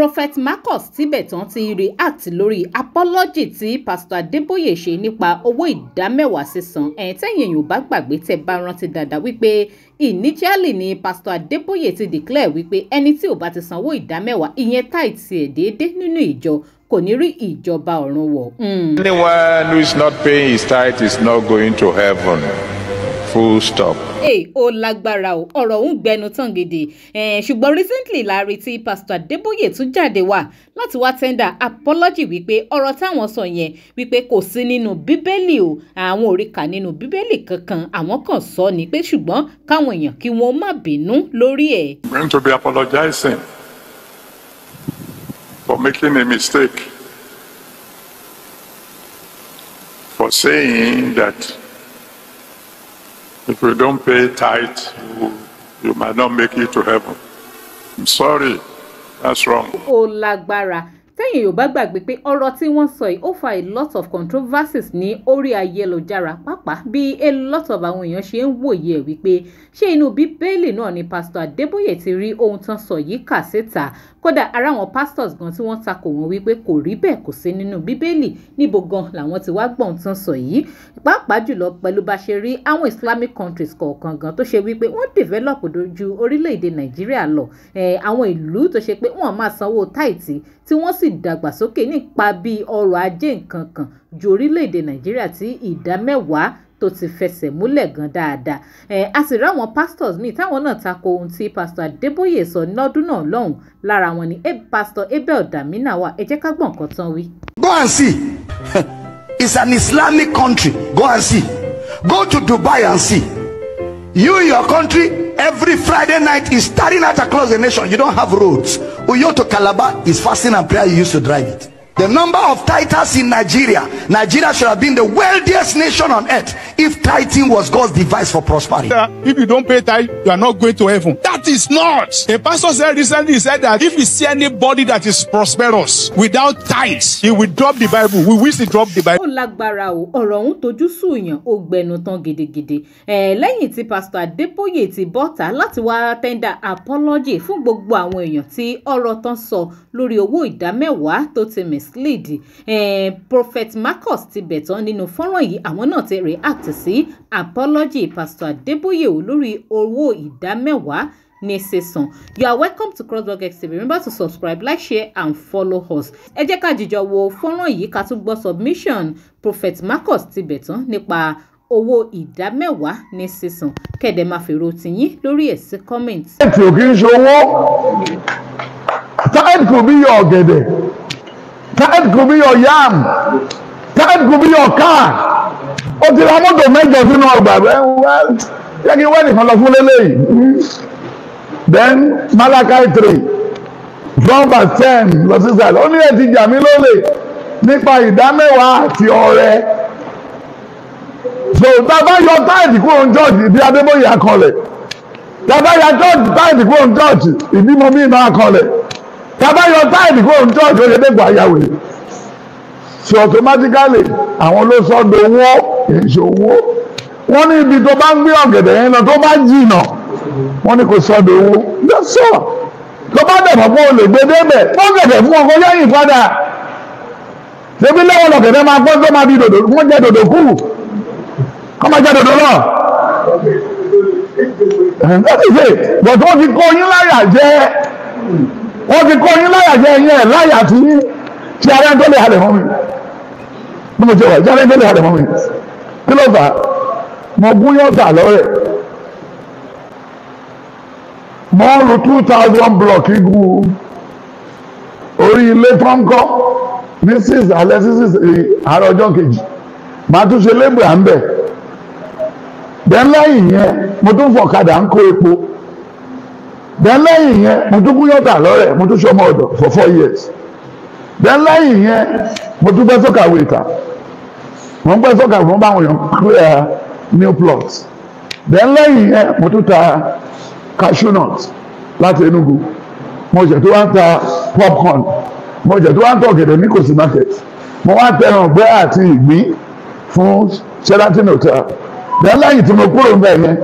prophet marcus tibetan ti react lórí apology tí pásítọ̀ adébóyè ṣe nípa owó ìdámẹ́wàá sísan ẹ̀yìn tẹ́yìn èèyàn bá gbàgbé tẹ́ bá rántí dáadáa wípé initially ni pásítọ̀ adébóyè ti declare wípé ẹni tí ò bá ti sanwó ìdámẹ́wàá ìyẹn táì tiẹ̀ déédéé nínú ìjọ kò ní rí ìjọba ọ̀run wọ̀. Hmm. anyone who is not paying his tithe is not going to heaven full stop. ee ó lágbára o ọ̀rọ̀ ń gbẹnu tán gidi ṣùgbọ́n recently la rí tí pásítọ̀ Adébóyè tún jáde wá láti wá tẹ́ndà apology wípé ọ̀rọ̀ táwọn sọ yẹn wípé kò sí nínú bíbélì o àwọn ò rí kà nínú bíbélì kankan àwọn kan sọ ni pé ṣùgbọ́n káwọn èèyàn kí wọ́n má bínú lórí ẹ̀. I'm going to be apologizing for making a mistake for saying that. If you don't pay tithe, you, you might not make it to heaven. I'm sorry, that's wrong. Ó lágbára tẹ́yìn yóò bá gbàgbé pé ọ̀rọ̀ tí wọ́n sọ yìí ó fa a lot of controversies ní orí ayélujára pàápàá bí a lot of àwọn èèyàn ṣe ń wòye ẹ̀ wípé ṣé inú bíbélì náà ni pásítọ̀ Adébóyè ti rí ohun tán sọ yìí kà síta kódà ara àwọn pastors gan tí wọ́n takò wọ́n wípé kò rí bẹ́ẹ̀ kò sí nínú bíbélì níbo gan làwọn ti wá gbọ́n tán sọ yìí pàápàá jùlọ pẹ̀lú bá ṣe rí àwọn Islamic countries kọ̀ọ̀kan gan tó ṣe wípé wọ́n develop ju orílẹ̀-èdè Nàìjíríà lọ àwọn ìlú tó ṣe pé wọ́n máa sanwó táìtì tí wọ́n sì ìdàgbàsókè nípa bí ọrọ̀ ajé nǹkan kan ju orílẹ̀-èdè nàìjíríà tí ìdá mẹ́wàá tó ti fẹsẹ̀ múlẹ̀ gan dáadáa ẹ̀ a sì ráwọn pastors míì táwọn náà tako ohun tí pastor adébóyè sọ lọ́dún náà lọ́hùn lára wọn ni pastor abel damina wà ẹ jẹ́ ká gbọ́ nǹkan tán wí. go and see it's an islamic country go and see go to dubai and see you your country every friday night is starting out across the nation you don't have roads Uyoto Kalaba is fasting and prayer. He used to drive it. The number of titers in Nigeria, Nigeria should have been the wealthiest nation on earth if tithing was God's device for prosperity. if you don't pay tithe, you are not going to heaven. That That is not. A pastor said recently, he said that if he see anybody that is prosperous without tithes, he will drop the Bible. We wish he drop the Bible. lágbára o ọ̀rọ̀ ọ̀hún tojú sùúyàn ó gbẹnu tán gidigidi lẹ́yìn tí pásítọ̀ Adébóyè ti bọ́ta láti wá tẹ́ndà apology fún gbogbo àwọn èèyàn tí ọ̀rọ̀ tán sọ lórí owó ìdámẹ́wàá tó ti mislead prophet Marcus ti bẹ̀tán nínú fọ́nrán yìí àwọn náà ti react sí apology pásítọ̀ Adébóyè o lórí owó ìdámẹ́wàá Nseson. You are welcome to Crossblog XTV. Remember to subscribe, like, share and follow us. Ẹ jẹ́ ká jìjọ wo fọ́nrán yìí ká tún gbọ́ submission Prophet Marcus Tibetan nípa owó ìdá mẹ́wàá ní sísan kẹ̀dẹ̀ máa fèrò tìyín lórí ẹ̀ sí comment. tẹ́ẹ̀tì ò kì í ṣowó tẹ́ẹ̀tì kò bí yọ ọ̀gẹ̀dẹ̀ tẹ́ẹ̀tì kò bí yọ yam tẹ́ẹ̀tì kò bí yọ káà ó ti ra mọ́tò mẹ́jọ sínú ọgbà rẹ̀ yẹ kí wẹ́ẹ̀nì kan lọ fún lélẹ́yìí. Then Malachi three, John verse ten lọ sí sàlẹ̀ ó ní ẹ ti jà mí lólè nípa ìdámẹ́wàá àti ọrẹ so tábà yọ táìtì kúrò ní chọ́ọ̀chì ìdí Adébóyè akọlẹ̀ tábà yọ táìtì kúrò ní chọ́ọ̀chì ìdí mọ́mí iná akọlẹ̀ tábà yọ táìtì kúrò ní chọ́ọ̀chì Oyèdèpọ̀ ayáwó so automatically àwọn ló sọ dowó èso owó wọn ní ibi tó bá ń gbé ọ̀gẹ̀dẹ̀ yẹn lọ tó bá jìnnà wọ́n ní kò sọ́dọ̀ owó lọ́sọ̀ ló bá dẹ̀ fọ́pọ́ olè gbé débẹ̀ wọ́n gẹ̀dẹ̀ fún ọkọ lẹ́yìn padà débi lẹ́wọ̀n lọ́kẹ̀dẹ̀ máa gbọ́ tó máa di dòdò wọ́n jẹ́ dòdò kù kọ́ máa jẹ́ dòdò náà ẹ̀ẹ́dẹ́gbẹ̀ bọ̀dọ̀ wọ́n ti kó yín láyà jẹ́ wọ́n ti kó yín láyà jẹ́ yẹn láyà tí tí ara ń tó lè halẹ̀ mọ́ mi bí mo jẹ́ wà tí ara ń tó lè halẹ̀ mọ́ mi kí ló fà á mo gún yọ̀ọ̀ta lọ́rẹ̀ mọ́ọ̀lù two thousand block igu orí ilé tó ń kọ́ ní six alẹ́ sí six àárọ̀ ọjọ́ kejì màá tún ṣe lébùú à ń bẹ̀ bẹ́ẹ̀ lẹ́yìn yẹn mo tún fọ̀kadà ń kó epo bẹ́ẹ̀ lẹ́yìn yẹn mo tún kú yọ̀tà lọ́rẹ̀ mo tún ṣọmọ ọ̀dọ̀ for four years bẹ́ẹ̀ lẹ́yìn yẹn mo tún bẹ́ sọ́kàwé ìta mo ń bẹ́ sọ́kàwé mo bá àwọn èèyàn clear new plots bẹ́ẹ̀ lẹ́yìn yẹn mo tún ta cashew nut láti Enugu mo jẹ tó wá ń ta popcorn mo jẹ tó wá ń ta ọ̀gẹ̀dẹ̀ ní kòsí market mo wá ń tẹran ọ̀gbẹ́ àti ìgbín fún Sheraton hotel then lẹ́yìn tí mo kúrò ń bẹ̀ yẹn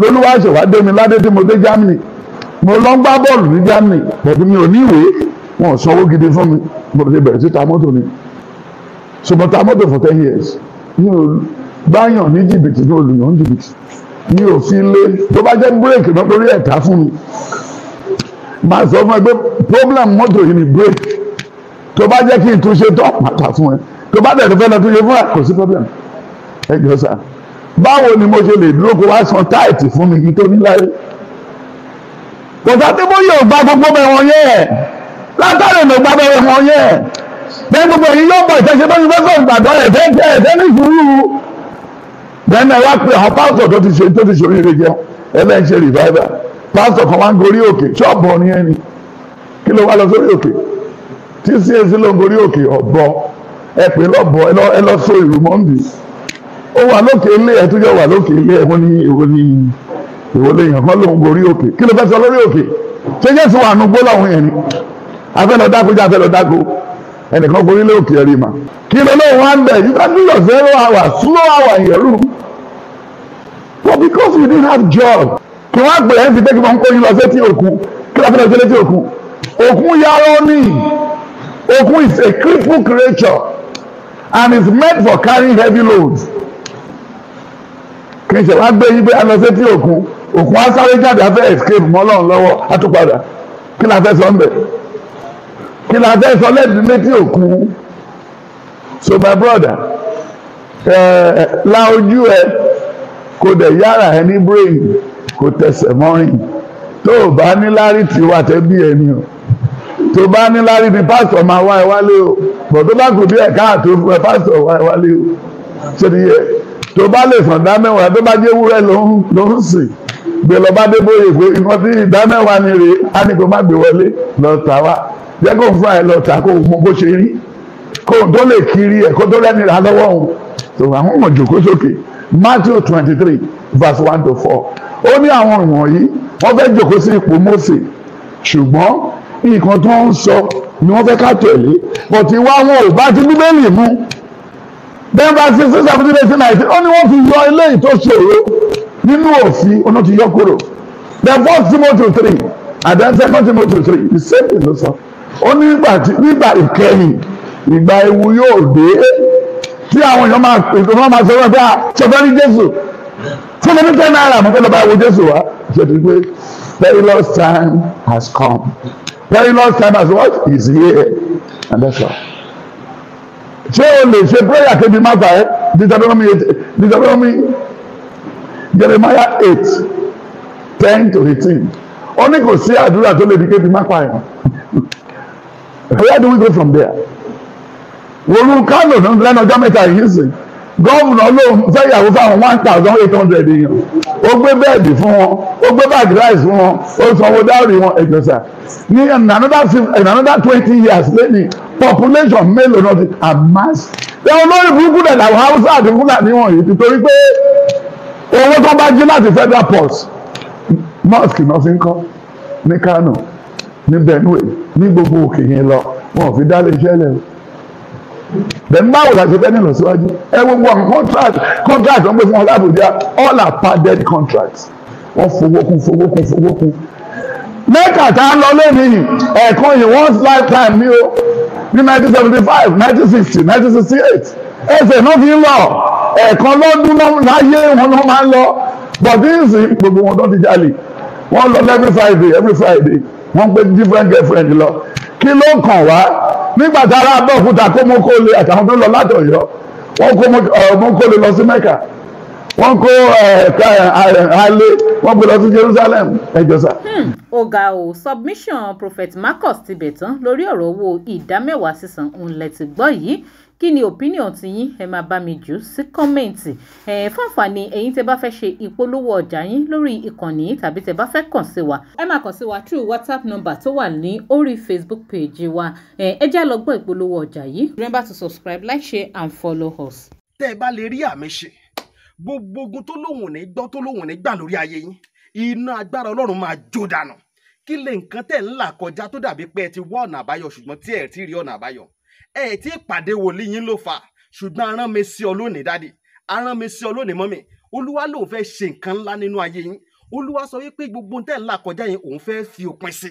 lolúwa ṣèwá dé mi ládé tí mo dé Germany mo lọ ń gbá bọ́ọ̀lù ní Germany pẹ̀lú mi ò ní ìwé wọn ò sanwó gidi fún mi mo ti bẹ̀rẹ̀ sí ta mọ́tò ni so mo ta mọ́tò for ten years mi ò báyàn ní jìbìtì ní olùyàn jìbìtì mi ò fi lé tó bá jẹ́ bírèkì náà torí ẹ̀ta fún mi máa sọ fún ẹ pé problem mọ́tò yìí ni bírèkì tó bá jẹ́ kí n tún ṣe tó pàtà fún ẹ tó bá dẹ̀ tó fẹ́ lọ tún ṣe fún ẹ kò sí problem ẹ jọ sá báwo ni mo ṣe lè dúró kó wá san táìtì fún mi nítorí láyé kòtà tí mo yóò gba gbogbo bẹ̀ wọ̀n yẹn látàrí ló gba bẹ̀ wọ̀n yẹn bẹ́ẹ̀ gbogbo yìí yóò bọ̀ ìṣẹ̀ṣẹ̀ bẹ́ẹ̀ ni wọ́n kò gbàdọ̀ ẹ̀ tẹ́tẹ́ ẹ̀ tẹ́ ní sùúrù then ẹ wá pé àwọn pásítọ̀ tó ti ṣe tó ti ṣe oríire jẹun ẹ bẹ́ẹ̀ ń ṣe revival pásítọ̀ kan wá ń gorí òkè ṣọ́ọ̀bù ọ̀ni ẹni kí ló wá lọ sórí òkè tí CAC ló ń gorí òkè ọ̀bọ ẹ pè lọ́bọ ẹ lọ so ìlú mọ́ǹdì ó wà lókè ilé ẹ tó jọ wà lókè ilé ẹ wọ́n ní èwo ní èwo lè yàn kán ló ń gorí òkè kí ló fẹ́ sọ lórí òkè ṣé Jésù wà nù gbó láwọn yẹn ni afẹ́ lọ dáko jẹ́ afẹ́ lọ dáko ẹnìkan gorí lóòkè ẹ̀rí mà kí ló lóun wá ń bẹ̀ you can do your zero hour slow hour in your room but because you didn't have job kí wọ́n á pè é fi tẹ́kí wọn kó yín lọ sétí òkun kí wọ́n á fi lọ sétí òkun òkun yàrá ó ní is a cripple creature and is meant for carrying heavy loads kì í ṣe wá gbé yín pé a lọ sétí òkun òkun á sáré jáde afẹ́ escape mọ́ Ọlọ́run lọ́wọ́ á tún padà kí ni a fẹ́ kí la fẹ́ sọ lẹ́bi létí òkú so my brother ẹ ẹ la ojú ẹ kò dẹ̀ yára ẹ ní brain kò tẹsẹ̀ mọ́rin tó o bá ní lárí tí wà tẹ́ bí ẹni o tó o bá ní lárí ni pásítọ̀ máa wá ẹ wálé o bọ̀ tó bá kù bí ẹ̀ káàtó fún ẹ pásítọ̀ wá ẹ wálé o ṣé ni yẹ tó bá lè sàn dá tó bá jẹ́ ewúrẹ́ ló ń sìn gbé dé bóyè pé nǹkan tí ni rèé á ní kó má gbé wọlé lọ tà wá jẹ́ kó fún ẹ lọ ta kó mọ bó ṣe rí kó tó lè kiri ẹ̀ kó tó lẹ́ni ra lọ́wọ́ òun tó àwọn ọmọ jòkó sókè Matthew twenty three verse one to four ó ní àwọn wọ̀nyí wọ́n fẹ́ jòkó sí ipò Mósè ṣùgbọ́n nǹkan tó ń sọ ni wọ́n fẹ́ ká tẹ̀lé bọ̀tí wá wọn ò bá ti bíbélì mú bẹ́ẹ̀ bá ṣe six seventy eight nineteen ó ní wọ́n fi yọ eléyìí tó ṣòro nínú òfin ó ní ti yọ kúrò the first Timothy three and then second Timothy three the same thing ló sọ ó nígbà tí nígbà ìkẹyìn ìgbà ewu yóò dé tí àwọn èèyàn máa ètò náà máa sọ wọn pé ah, ṣẹfẹ ní Jésù ṣẹfẹ ní ten naira mo fẹ́ lọ bá ewu Jésù wá ṣètò pé perilous time has come perilous time has what is here and that's all. ṣé o lè ṣe prayer kébi má fà ẹ́ Deuteronomy Jeremiah eight ten to eighteen ó ní kò sí àdúrà tó lè di kébi má fà Where do we go from there? Wòlú Kánò lẹ́nu ọjọ́ mẹ́ta yìí sìn. Gọ́ọ̀mùnà lóun fẹ́ ìyàwó fáwọn one thousand eight hundred èèyàn. Ó gbé bẹ́ẹ̀dì fún wọn, ó gbé báàgì láìsí fún wọn, ó sanwó dáwọ́rì wọn ẹ̀jọ̀sà. Ní another twenty years lẹ́yìn, population mélòó náà ti amass. Ṣé olórí burúkú dẹ̀ làwọn Hausa àti Fúlàní wọ̀nyí ti torí pé owó tó bá jí láti federal post mosque náà ti ń kọ́ ní Kánò ní benue ní gbogbo òkè yẹn lọ wọn ò fi dá iléeṣẹ́ lẹ̀ o bẹ́ẹ̀ báwo la ṣe fẹ́ ní ìlọsíwájú ẹ gbogbo àwọn contract contract wọn pè fún wọn lábùjá all are padded contracts wọn fowó kún fowó kún fowó kún mẹ́kà tá a lọ lónìí ẹ̀ẹ̀kan yìí once lifetime ni o ní nineteen seventy five nineteen sixty nineteen sixty eight ẹsẹ̀ náà fi ń lọ ẹ̀ẹ̀kan lọ́dún láyé wọn náà máa ń lọ but this gbogbo wọn tó ti jalè wọn lọ every Friday every Friday wọ́n gbé different girlfriend lọ kí ló ń kàn wá nígbà tá a rà Abẹ́òkúta kó Mọ́kọ́lé àtàwọn tó lọ láti Ọ̀yọ́ wọ́n kó Mọ́kọ́lé lọ sí Mẹ́kà wọ́n kó alẹ́ wọ́n gbé lọ sí Jerusalem ẹjọ́ sá. Hmm, ọ̀gá o submission Prophet Marcus ti bẹ̀ tán lórí ọ̀rọ̀ owó ìdámẹ́wàá sísan òun lẹ gbọ́ yìí kí ni opinion ti yín ẹ máa bá mi jù sí kọ́mẹ̀ǹtì ẹ fún àǹfààní ẹ̀yin tẹ́ bá fẹ́ ṣe ìpolówó ọjà yín lórí ìkànnì tàbí tẹ́ bá fẹ́ kàn sí wa ẹ máa kàn sí wa through whatsapp number tó wà ní orí facebook page wa ẹ ẹ já lọ ìpolówó ọjà yìí remember to subscribe like share and follow us. tẹ́ ẹ bá lè rí àmì ṣe gbogbo ogun tó lóun ò ní gbọ́ tó lóun ò ní gbà lórí ayé yín iná agbára ọlọ́run máa jó dànù kí lè nǹkan tẹ̀ ń là kọjá tó dàbí pé ẹ ti wá ọ̀nà àbáyọ ṣùgbọ́n tí ẹ ti rí ọ̀nà àbáyọ ẹ tí ìpàdé wòlíì yín ló fà ṣùgbọ́n arán mi sí ọ lónìí dádì arán mi sí ọ lónìí mọ́mì olúwa lòun fẹ́ ṣe nǹkan ńlá nínú ayé yín olúwa sọ wípé gbogbo tẹ́ ń là kọjá yẹn òun fẹ́ fi òpin sí